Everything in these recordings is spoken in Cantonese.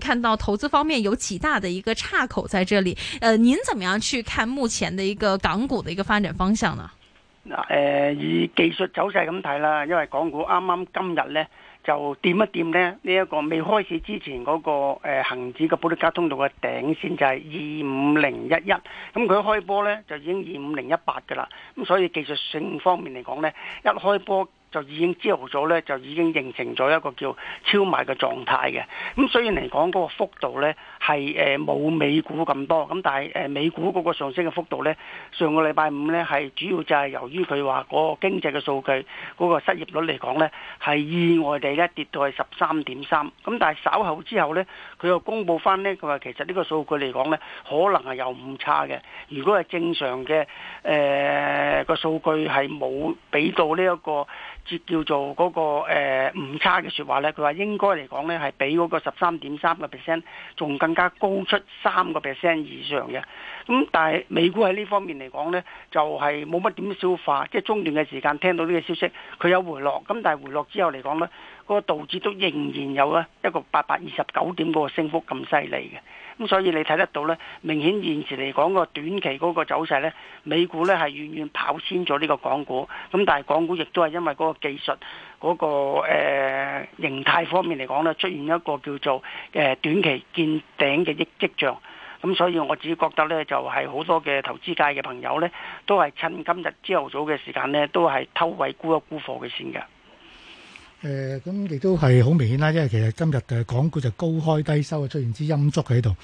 看到投資方面有幾大的一個岔口，在這裏，呃，您怎麼樣去看目前的一個港股的一個發展方向呢？誒、呃，以技術走勢咁睇啦，因為港股啱啱今日呢就掂一掂呢，碰一碰呢一、這個未開始之前嗰、那個誒、呃、恒指嘅保力加通道嘅頂線就係二五零一一，咁佢開波呢就已經二五零一八噶啦，咁、嗯、所以技術性方面嚟講呢，一開波，就已經朝早咧，就已經形成咗一個叫超買嘅狀態嘅。咁雖然嚟講，嗰、嗰個幅度呢係誒冇美股咁多。咁但係誒美股嗰個上升嘅幅度呢，上個禮拜五呢係主要就係由於佢話嗰個經濟嘅數據，嗰、嗰個失業率嚟講呢係意外地呢跌到係十三點三。咁但係稍後之後呢，佢又公布翻呢佢話其實呢個數據嚟講呢，可能係有誤差嘅。如果係正常嘅誒、呃嗰個數據係冇俾到呢、這、一個。叫做嗰個誒誤差嘅說話咧，佢話應該嚟講咧係比嗰個十三點三個 percent 仲更加高出三個 percent 以上嘅。咁但係美股喺呢方面嚟講咧，就係冇乜點消化，即係中段嘅時間聽到呢個消息，佢有回落。咁但係回落之後嚟講咧，嗰、那個道指都仍然有咧一個八百二十九點嗰個升幅咁犀利嘅。咁所以你睇得到呢，明顯現時嚟講、嗰個短期嗰個走勢呢，美股呢係遠遠跑先咗呢個港股。咁但係港股亦都係因為嗰個技術嗰、嗰個、呃、形態方面嚟講呢，出現一個叫做誒、呃、短期見頂嘅跡象。咁所以我自己覺得呢，就係、係、好多嘅投資界嘅朋友呢，都係趁今日朝頭早嘅時間呢，都係偷位沽一沽貨嘅先嘅。誒咁亦都係好明顯啦，因為其實今日嘅港股就高開低收啊，出現支陰燭喺度。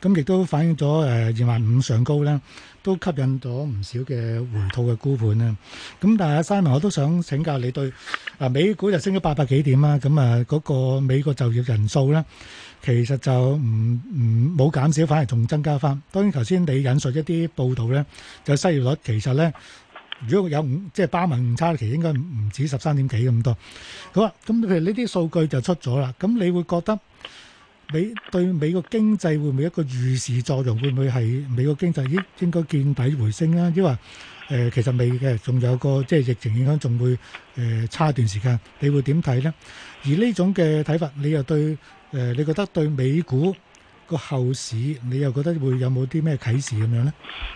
咁亦都反映咗誒二萬五上高啦，都吸引咗唔少嘅回吐嘅沽盤啦。咁但係啊，Simon 我都想請教你對啊美股就升咗八百幾點啦。咁啊嗰個美國就業人數咧，其實就唔唔冇減少，反而仲增加翻。當然頭先你引述一啲報道咧，就失業率其實咧。如果有五即係巴文誤差，其實應該唔唔止十三點幾咁多。好啊，咁譬如呢啲數據就出咗啦。咁你會覺得美對美國經濟會唔會一個預示作用？會唔會係美國經濟應應該見底回升咧、啊？因為誒、呃、其實美嘅仲有個即係疫情影響，仲會誒差一段時間。你會點睇呢？而呢種嘅睇法，你又對誒、呃？你覺得對美股個後市，你又覺得會有冇啲咩啟示咁樣呢？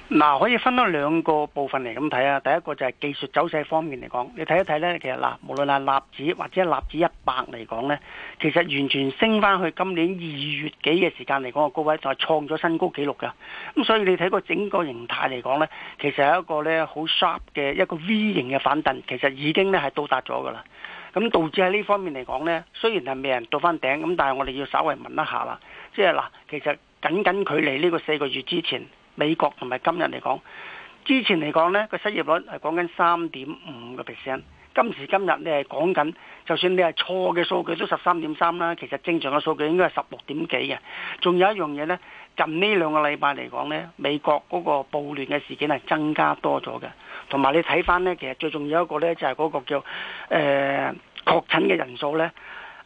嗱、啊，可以分開兩個部分嚟咁睇啊。第一個就係技術走勢方面嚟講，你睇一睇咧，其實嗱，無論係納指或者納指一百嚟講咧，其實完全升翻去今年二月幾嘅時間嚟講個高位，就係創咗新高紀錄㗎。咁所以你睇個整個形態嚟講咧，其實係一個咧好 sharp 嘅一個 V 型嘅反彈，其實已經咧係到達咗㗎啦。咁導致喺呢方面嚟講呢，雖然係未人到翻頂，咁但係我哋要稍微問一下啦。即係嗱，其實僅僅距離呢個四個月之前，美國同埋今日嚟講，之前嚟講，呢個失業率係講緊三點五個 percent，今時今日你係講緊，就算你係錯嘅數據都十三點三啦。其實正常嘅數據應該係十六點幾嘅。仲有一樣嘢呢，近呢兩個禮拜嚟講呢，美國嗰個暴亂嘅事件係增加多咗嘅。同埋你睇翻呢，其實最重要一個呢，就係嗰個叫誒確診嘅人數呢。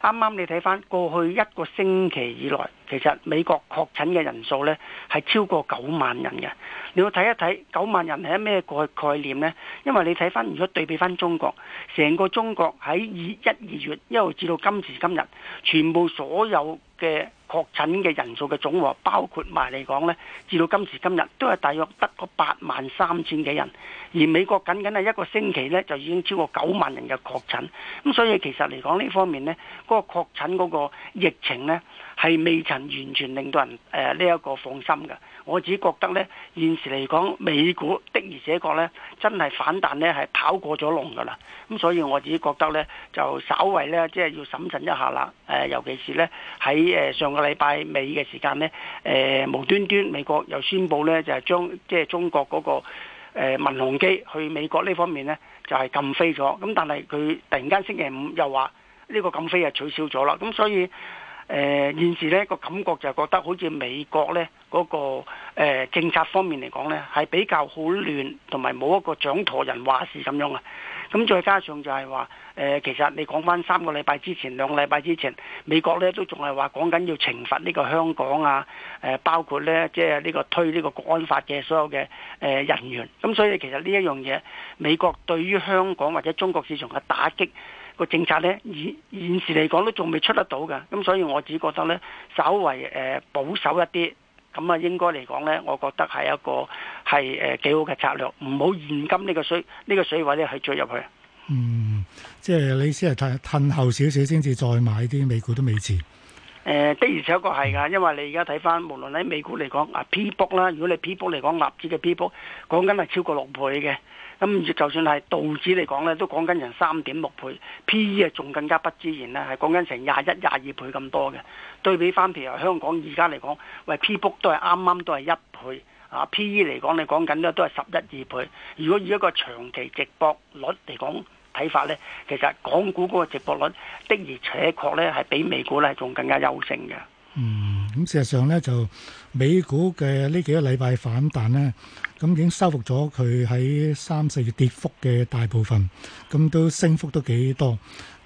啱啱你睇翻過去一個星期以來，其實美國確診嘅人數呢係超過九萬人嘅。你要睇一睇九萬人係啲咩概概念呢？因為你睇翻如果對比翻中國，成個中國喺二一二月一號至到今時今日，全部所有嘅確診嘅人數嘅總和，包括埋嚟講呢，至到今時今日都係大約得個八萬三千幾人，而美國僅僅係一個星期呢，就已經超過九萬人嘅確診。咁所以其實嚟講呢方面呢，嗰、嗰個確診嗰個疫情呢，係未曾完全令到人誒呢一個放心㗎。我自己覺得呢，現時嚟講，美股的而且確呢，真係反彈呢係跑過咗龍㗎啦。咁所以我自己覺得呢，就稍微呢，即係要審慎一下啦。誒、呃，尤其是呢，喺誒上。個禮拜尾嘅時間呢，誒、呃，無端端美國又宣布呢，就係將即係中國嗰個誒民航機去美國呢方面呢，就係、是、禁飛咗。咁但係佢突然間星期五又話呢個禁飛啊取消咗啦。咁、嗯、所以誒、呃、現時呢個感覺就係覺得好似美國呢嗰個誒、呃、政策方面嚟講呢，係比較好亂，同埋冇一個掌舵人話事咁樣啊。咁再加上就係話誒，其實你講翻三個禮拜之前、兩個禮拜之前，美國咧都仲係話講緊要懲罰呢個香港啊，誒、呃、包括咧即係呢、就是、個推呢個國安法嘅所有嘅誒人員。咁、嗯、所以其實呢一樣嘢，美國對於香港或者中國市場嘅打擊個政策咧，現現時嚟講都仲未出得到嘅。咁、嗯、所以我只覺得咧，稍為誒、呃、保守一啲。咁啊，應該嚟講咧，我覺得係一個係誒幾好嘅策略，唔好現今呢個水呢、呢個水位咧去着入去。嗯，即係你先係褪後少少先至再買啲美股都未遲。誒、呃、的而且確係㗎，因為你而家睇翻，無論喺美股嚟講啊，P book 啦，如果你 P book 嚟講納指嘅 P book，講緊係超過六倍嘅。咁、嗯、就算係道指嚟講咧，都講緊成三點六倍，P E 啊，仲、mm. 更加不自然啦，係講緊成廿一、廿二倍咁多嘅。對比翻譬如香港而家嚟講，喂 P book 都係啱啱都係一倍，啊 P E 嚟講你講緊咧都係十一二倍。如果以一個長期值博率嚟講睇法咧，其實港股嗰個值博率的而且確咧係比美股咧仲更加優勝嘅。嗯，咁事實上咧就美股嘅呢幾個禮拜反彈咧。咁已經收復咗佢喺三四月跌幅嘅大部分，咁都升幅都幾多。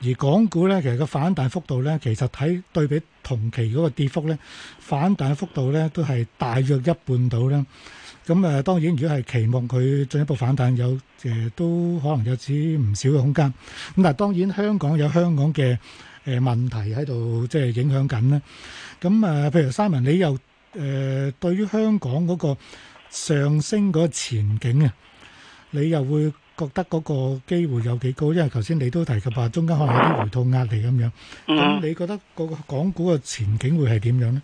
而港股咧，其實個反彈幅度咧，其實睇對比同期嗰個跌幅咧，反彈嘅幅度咧都係大約一半度啦。咁啊，當然如果係期望佢進一步反彈，有誒都可能有啲唔少嘅空間。咁但係當然香港有香港嘅誒問題喺度，即係影響緊啦。咁啊，譬如 Simon，你又誒對於香港嗰個上升嗰個前景啊，你又會覺得嗰個機會有幾高？因為頭先你都提及話中間可能有啲回吐壓力咁樣。嗯，你覺得嗰個港股嘅前景會係點樣呢？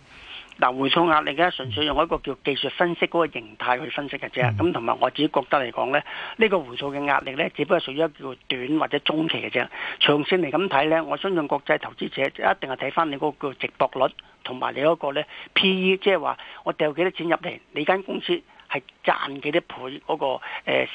嗱，回吐壓力嘅純粹用一個叫技術分析嗰個形態去分析嘅啫。咁同埋我自己覺得嚟講呢，呢、呢個回吐嘅壓力呢，只不過屬於一個叫短或者中期嘅啫。長線嚟咁睇呢，我相信國際投資者一定係睇翻你嗰個直泊率同埋你嗰個咧 PE，即係話我掉幾多錢入嚟，你間公司。係賺幾多倍嗰個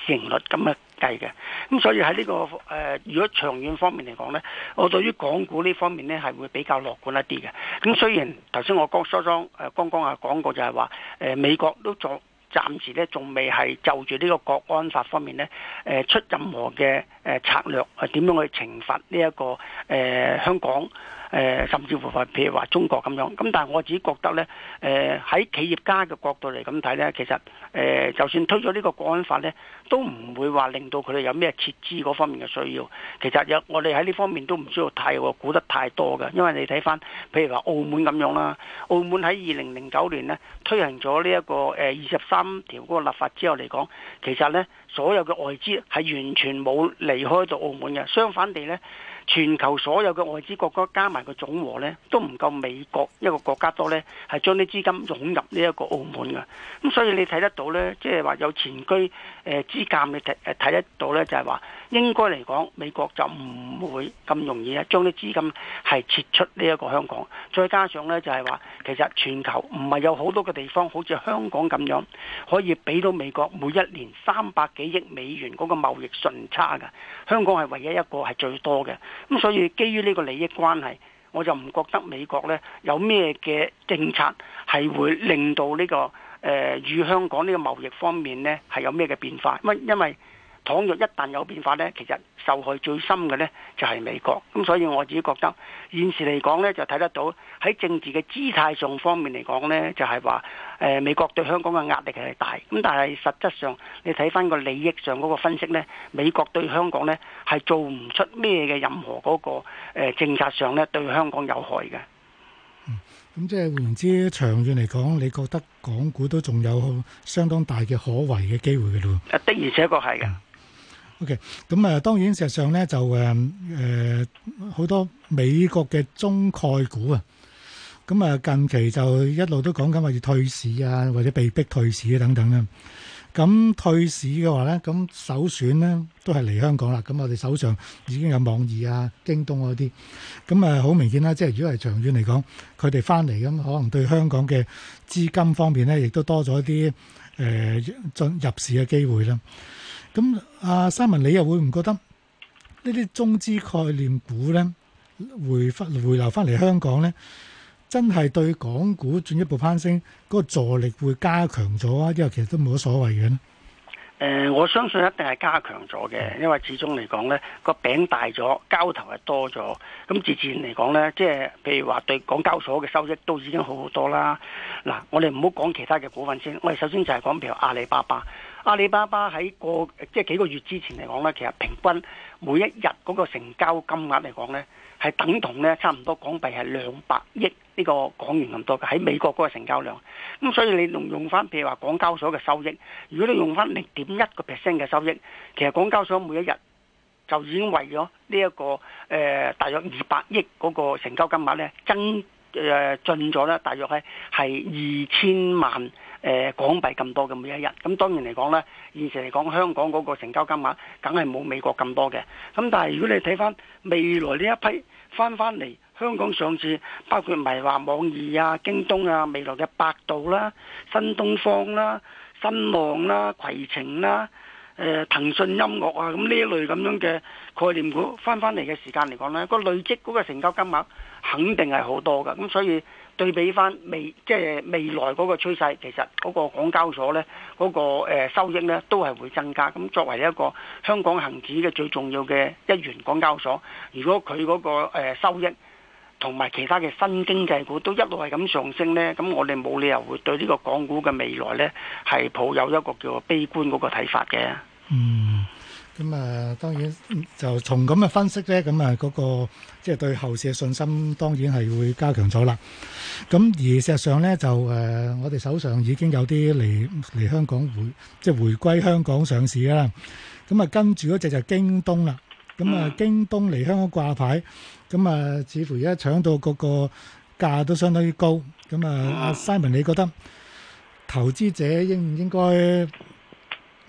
成率咁啊計嘅。咁所以喺呢、這個誒、呃、如果長遠方面嚟講呢，我對於港股呢方面呢係會比較樂觀一啲嘅。咁雖然頭先我剛剛誒剛剛啊講過就係話誒美國都仲暫時呢仲未係就住呢個國安法方面呢誒、呃、出任何嘅誒策略啊點樣去懲罰呢、這、一個誒、呃、香港。誒，甚至乎話，譬如話中國咁樣，咁但係我自己覺得呢，誒、呃、喺企業家嘅角度嚟咁睇呢，其實誒、呃，就算推咗呢個國安法呢，都唔會話令到佢哋有咩撤資嗰方面嘅需要。其實有我哋喺呢方面都唔需要太估得太多嘅，因為你睇翻譬如話澳門咁樣啦，澳門喺二零零九年咧推行咗呢一個誒二十三條嗰個立法之後嚟講，其實呢，所有嘅外資係完全冇離開到澳門嘅，相反地呢。全球所有嘅外資國家加埋個總和呢，都唔夠美國一個國家多呢，係將啲資金湧入呢一個澳門噶。咁所以你睇得到呢，即係話有前居誒資鑑你睇睇得到呢，就係話應該嚟講，美國就唔會咁容易啊，將啲資金係撤出呢一個香港。再加上呢，就係話其實全球唔係有好多個地方，好似香港咁樣可以俾到美國每一年三百幾億美元嗰個貿易順差嘅。香港係唯一一個係最多嘅。咁所以，基於呢個利益關係，我就唔覺得美國咧有咩嘅政策係會令到呢、這個誒、呃、與香港呢個貿易方面咧係有咩嘅變化，因為。倘若一旦有變化咧，其實受害最深嘅咧就係美國。咁所以我自己覺得現時嚟講咧，就睇得到喺政治嘅姿態上方面嚟講咧，就係話誒美國對香港嘅壓力係大。咁但係實質上你睇翻個利益上嗰個分析咧，美國對香港咧係做唔出咩嘅任何嗰個誒政策上咧對香港有害嘅。嗯，咁即係換言之長遠嚟講，你覺得港股都仲有相當大嘅可為嘅機會嘅咯？啊，的而且確係嘅。咁啊、okay，當然，事實上咧就誒誒好多美國嘅中概股啊，咁啊近期就一路都講緊話要退市啊，或者被逼退市啊等等啦。咁退市嘅話咧，咁首選咧都係嚟香港啦。咁我哋手上已經有網易啊、京東嗰啲，咁啊好明顯啦、啊。即係如果係長遠嚟講，佢哋翻嚟咁，可能對香港嘅資金方面咧，亦都多咗一啲誒、呃、進入市嘅機會啦。咁阿、啊、三文，你又會唔覺得呢啲中資概念股呢回翻回流翻嚟香港呢？真係對港股進一步攀升嗰個助力會加強咗啊？因為其實都冇乜所謂嘅、呃。我相信一定係加強咗嘅，因為始終嚟講呢個餅大咗，交投又多咗，咁自自然嚟講呢，即係譬如話對港交所嘅收益都已經好好多啦。嗱，我哋唔好講其他嘅股份先，我哋首先就係講譬如阿里巴巴。阿里巴巴喺過即係幾個月之前嚟講咧，其實平均每一日嗰個成交金額嚟講呢，係等同咧差唔多港幣係兩百億呢個港元咁多嘅喺美國嗰個成交量。咁所以你仲用翻譬如話港交所嘅收益，如果你用翻零點一個 percent 嘅收益，其實港交所每一日就已經為咗呢一個、呃、大約二百億嗰個成交金額呢，增誒、呃、進咗咧大約咧係二千萬。誒、呃、港幣咁多嘅每一日，咁、嗯、當然嚟講呢，現時嚟講香港嗰個成交金額，梗係冇美國咁多嘅。咁、嗯、但係如果你睇翻未來呢一批翻翻嚟香港上市，包括唔係話網易啊、京東啊、未來嘅百度啦、啊、新東方啦、啊、新浪啦、啊、攜程啦、啊、誒、呃、騰訊音樂啊，咁、嗯、呢一類咁樣嘅概念股翻翻嚟嘅時間嚟講呢，個累積嗰個成交金額肯定係好多嘅，咁、嗯、所以。對比翻未即係、就是、未來嗰個趨勢，其實嗰個港交所呢，嗰、那個收益呢都係會增加。咁作為一個香港恒指嘅最重要嘅一員，港交所如果佢嗰個收益同埋其他嘅新經濟股都一路係咁上升呢，咁我哋冇理由會對呢個港股嘅未來呢係抱有一個叫悲觀嗰個睇法嘅。嗯。咁啊，當然就從咁嘅分析咧，咁啊嗰個即係對後市嘅信心，當然係會加強咗啦。咁而事實上咧，就誒我哋手上已經有啲嚟嚟香港回即係回歸香港上市啦。咁啊跟住嗰隻就係京東啦。咁啊京東嚟香港掛牌，咁啊似乎而家搶到嗰個價都相當於高。咁啊，阿 Simon，你覺得投資者應唔應該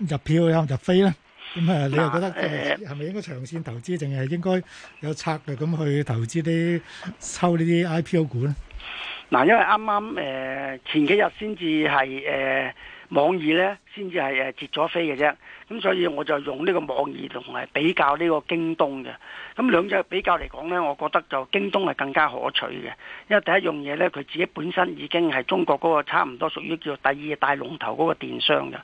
入票有入飛咧？咁啊，你又覺得誒係咪應該長線投資，定係應該有策略咁去投資啲收呢啲 IPO 股咧？嗱，因為啱啱誒前幾日先至係誒。呃網易呢，先至係誒截咗飛嘅啫，咁所以我就用呢個網易同埋比較呢個京東嘅，咁兩隻比較嚟講呢，我覺得就京東係更加可取嘅，因為第一樣嘢呢，佢自己本身已經係中國嗰個差唔多屬於叫做第二大龍頭嗰個電商嘅，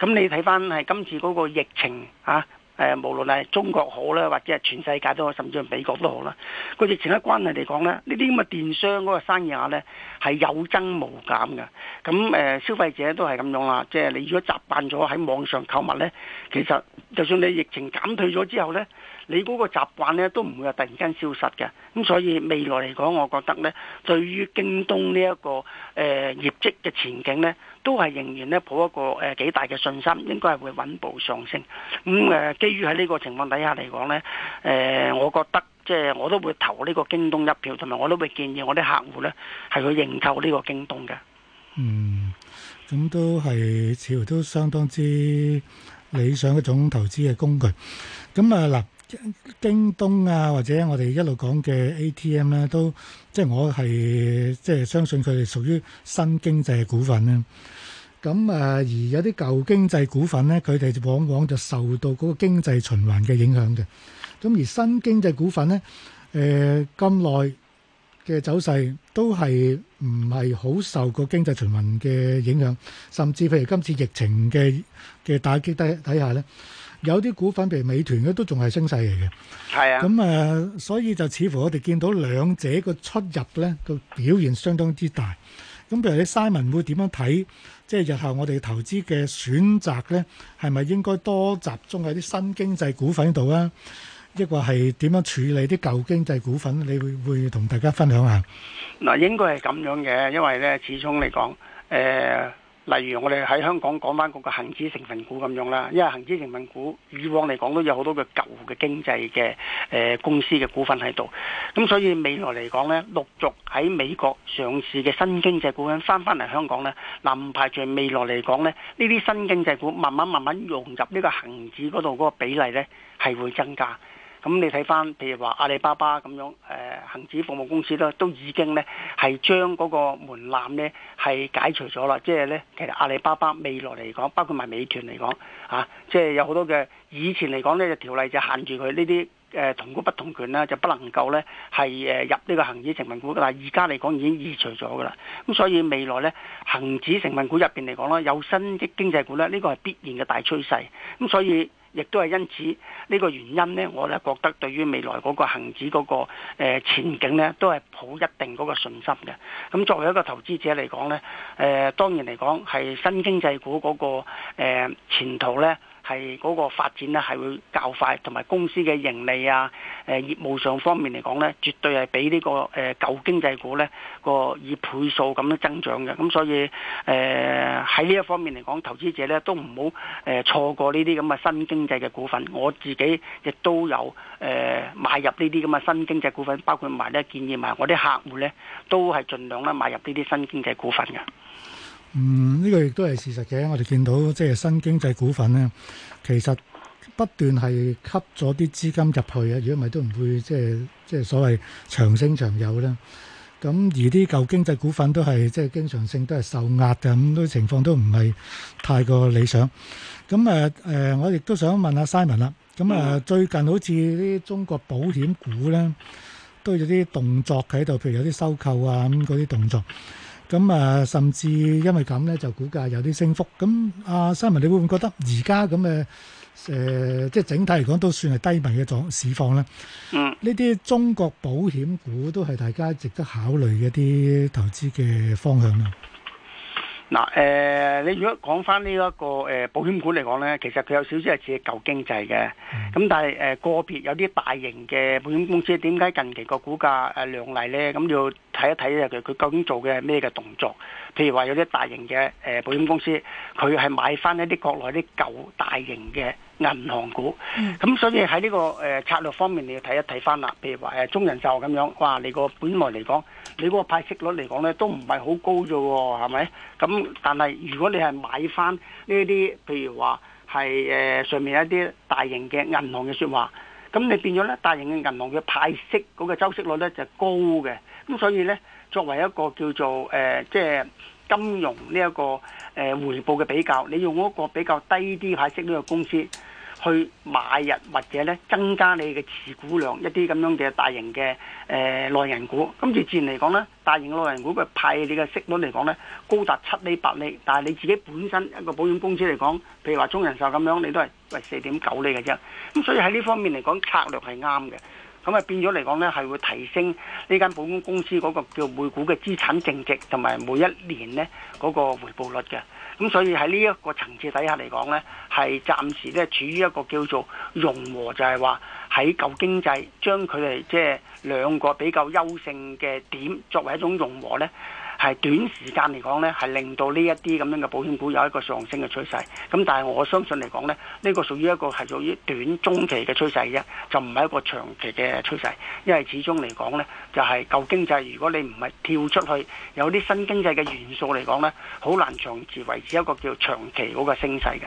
咁你睇翻係今次嗰個疫情嚇。啊誒，無論係中國好啦，或者係全世界都好，甚至係美國都好啦。個疫情嘅關係嚟講咧，呢啲咁嘅電商嗰個生意額呢，係有增無減嘅。咁誒，消費者都係咁樣啦，即係你如果習慣咗喺網上購物呢，其實就算你疫情減退咗之後呢，你嗰個習慣咧都唔會話突然間消失嘅。咁所以未來嚟講，我覺得呢對於京東呢一個誒業績嘅前景呢。都係仍然咧抱一個誒幾大嘅信心，應該係會穩步上升。咁、嗯、誒，基於喺呢個情況底下嚟講咧，誒、呃，我覺得即係、就是、我都會投呢個京東一票，同埋我都會建議我啲客戶咧係去認購呢個京東嘅。嗯，咁都係似乎都相當之理想一種投資嘅工具。咁啊嗱，京東啊，或者我哋一路講嘅 ATM 咧、啊，都即係我係即係相信佢哋屬於新經濟股份咧。咁、嗯、啊，而有啲舊經濟股份咧，佢哋往往就受到嗰個經濟循環嘅影響嘅。咁、嗯、而新經濟股份咧，誒咁耐嘅走勢都係唔係好受個經濟循環嘅影響，甚至譬如今次疫情嘅嘅打擊底底下咧。有啲股份譬如美團嘅都仲係升勢嚟嘅。係啊，咁啊，所以就似乎我哋見到兩者個出入咧個表現相當之大。咁譬如你 Simon 會點樣睇？即係日後我哋投資嘅選擇咧，係咪應該多集中喺啲新經濟股份度啊？抑或係點樣處理啲舊經濟股份？你會會同大家分享下？嗱，應該係咁樣嘅，因為咧始終嚟講。誒、呃。例如我哋喺香港講翻嗰個恆指成分股咁樣啦，因為恒指成分股以往嚟講都有好多個舊嘅經濟嘅誒、呃、公司嘅股份喺度，咁所以未來嚟講呢，陸續喺美國上市嘅新經濟股份翻翻嚟香港呢，難唔排除未來嚟講呢，呢啲新經濟股慢慢慢慢融入呢個恒指嗰度嗰個比例呢，係會增加。咁你睇翻，譬如話阿里巴巴咁樣，誒、呃、恆指服務公司咧，都已經咧係將嗰個門檻咧係解除咗啦。即係咧，其實阿里巴巴未來嚟講，包括埋美團嚟講，嚇、啊，即係有好多嘅以前嚟講呢條例就限住佢呢啲誒同股不同權啦，就不能夠咧係誒入呢個恒指成分股。但係而家嚟講已經移除咗噶啦。咁所以未來咧恒指成分股入邊嚟講咧，有新嘅經濟股咧，呢、這個係必然嘅大趨勢。咁所以。亦都係因此呢、呢個原因呢，我呢覺得對於未來嗰個恒指嗰、嗰個、呃、前景呢，都係抱一定嗰個信心嘅。咁作為一個投資者嚟講呢，誒、呃、當然嚟講係新經濟股嗰、嗰個、呃、前途呢，係嗰個發展咧係會較快，同埋公司嘅盈利啊，誒、業務上方面嚟講呢，絕對係比呢、這個誒、舊、呃、經濟股呢個以倍數咁樣增長嘅。咁所以誒喺呢一方面嚟講，投資者呢都唔好誒錯過呢啲咁嘅新經濟嘅股份。我自己亦都有誒、呃、買入呢啲咁嘅新經濟股份，包括埋咧建議埋我啲客戶呢都係盡量咧買入呢啲新經濟股份嘅。嗯，呢、這個亦都係事實嘅。我哋見到即係新經濟股份咧，其實不斷係吸咗啲資金入去啊！如果唔係都唔會即係即係所謂長升長有啦。咁而啲舊經濟股份都係即係經常性都係受壓嘅。咁情況都情況都唔係太過理想。咁誒誒，我亦都想問下 Simon 啦。咁、呃、啊，最近好似啲中國保險股咧，都有啲動作喺度，譬如有啲收購啊，咁嗰啲動作。咁啊，甚至因為咁咧，就股價有啲升幅。咁啊，三文，你會唔會覺得而家咁嘅誒，即係整體嚟講都算係低迷嘅狀市況咧？嗯，呢啲中國保險股都係大家值得考慮嘅一啲投資嘅方向啦。嗱，誒，你如果講翻呢一個誒保險股嚟講咧，其實佢有少少係似舊經濟嘅。咁但係誒個別有啲大型嘅保險公司，點解近期個股價誒量嚟咧？咁要？睇一睇佢究竟做嘅係咩嘅動作。譬如話有啲大型嘅誒保險公司，佢係買翻一啲國內啲舊大型嘅銀行股。咁所以喺呢個誒策略方面，你要睇一睇翻啦。譬如話誒中人壽咁樣，哇！你個本來嚟講，你嗰個派息率嚟講咧，都唔係好高啫喎，係咪？咁但係如果你係買翻呢啲，譬如話係誒上面一啲大型嘅銀行嘅説話。咁你變咗咧，大型嘅銀行嘅派息嗰、那個周息率咧就是、高嘅，咁所以咧作為一個叫做誒、即、呃、係、就是、金融呢、這、一個誒、呃、回報嘅比較，你用一個比較低啲派息呢個公司，去買入或者咧增加你嘅持股量一啲咁樣嘅大型嘅誒、呃、內銀股，咁自然嚟講咧，大型嘅內銀股嘅派你嘅息率嚟講呢，高達七厘八厘，但係你自己本身一個保險公司嚟講，譬如話中人壽咁樣，你都係為四點九厘嘅啫。咁所以喺呢方面嚟講，策略係啱嘅。咁啊變咗嚟講呢，係會提升呢間保險公司嗰個叫每股嘅資產淨值同埋每一年呢嗰、嗰個回報率嘅。咁所以喺呢一個層次底下嚟講，呢係暫時咧處於一個叫做融合，就係話喺舊經濟將佢哋即係兩個比較優勝嘅點作為一種融合呢。係短時間嚟講呢，係令到呢一啲咁樣嘅保險股有一個上升嘅趨勢。咁但係我相信嚟講呢呢、呢個屬於一個係屬於短中期嘅趨勢啫，就唔係一個長期嘅趨勢。因為始終嚟講呢，就係、是、舊經濟，如果你唔係跳出去有啲新經濟嘅元素嚟講呢，好難長持維持一個叫長期嗰個升勢嘅。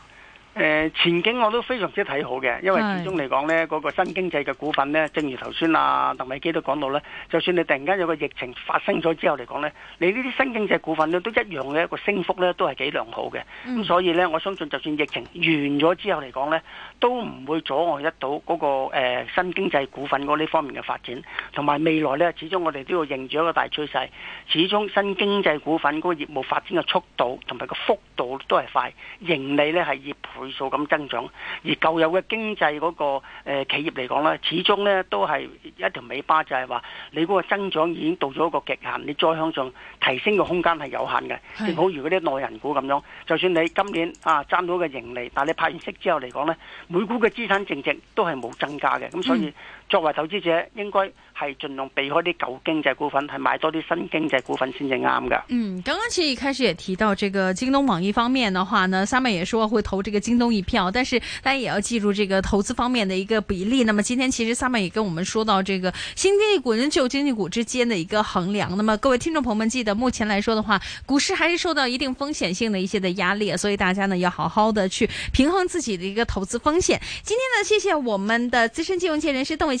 前景我都非常之睇好嘅，因為始終嚟講呢，嗰個新經濟嘅股份呢，正如頭先啊鄧美基都講到呢，就算你突然間有個疫情發生咗之後嚟講呢，你呢啲新經濟股份呢都一樣嘅一個升幅呢都係幾良好嘅。咁所以呢，我相信就算疫情完咗之後嚟講呢。都唔會阻礙得到嗰個新經濟股份嗰啲方面嘅發展，同埋未來呢，始終我哋都要認住一個大趨勢。始終新經濟股份嗰個業務發展嘅速度同埋個幅度都係快，盈利呢係以倍數咁增長。而舊有嘅經濟嗰個企業嚟講呢，始終呢都係一條尾巴就，就係話你嗰個增長已經到咗一個極限，你再向上提升嘅空間係有限嘅。唔好如嗰啲內人股咁樣，就算你今年啊賺到嘅盈利，但你派完息之後嚟講呢。每股嘅資產淨值都係冇增加嘅，咁所以。作為投資者，應該係盡量避開啲舊經濟股份，係買多啲新經濟股份先至啱㗎。嗯，剛剛其實一開始也提到這個京東網易方面的話呢，Sammy 也說會投這個京東一票，但是大家也要記住這個投資方面的一個比例。那麼今天其實 Sammy 也跟我們說到這個新經濟股跟舊經濟股之間的一個衡量。那麼各位聽眾朋友們記得，目前來說的話，股市還是受到一定風險性的一些嘅壓力，所以大家呢要好好的去平衡自己的一個投資風險。今天呢，謝謝我們的資深金融界人士鄧偉。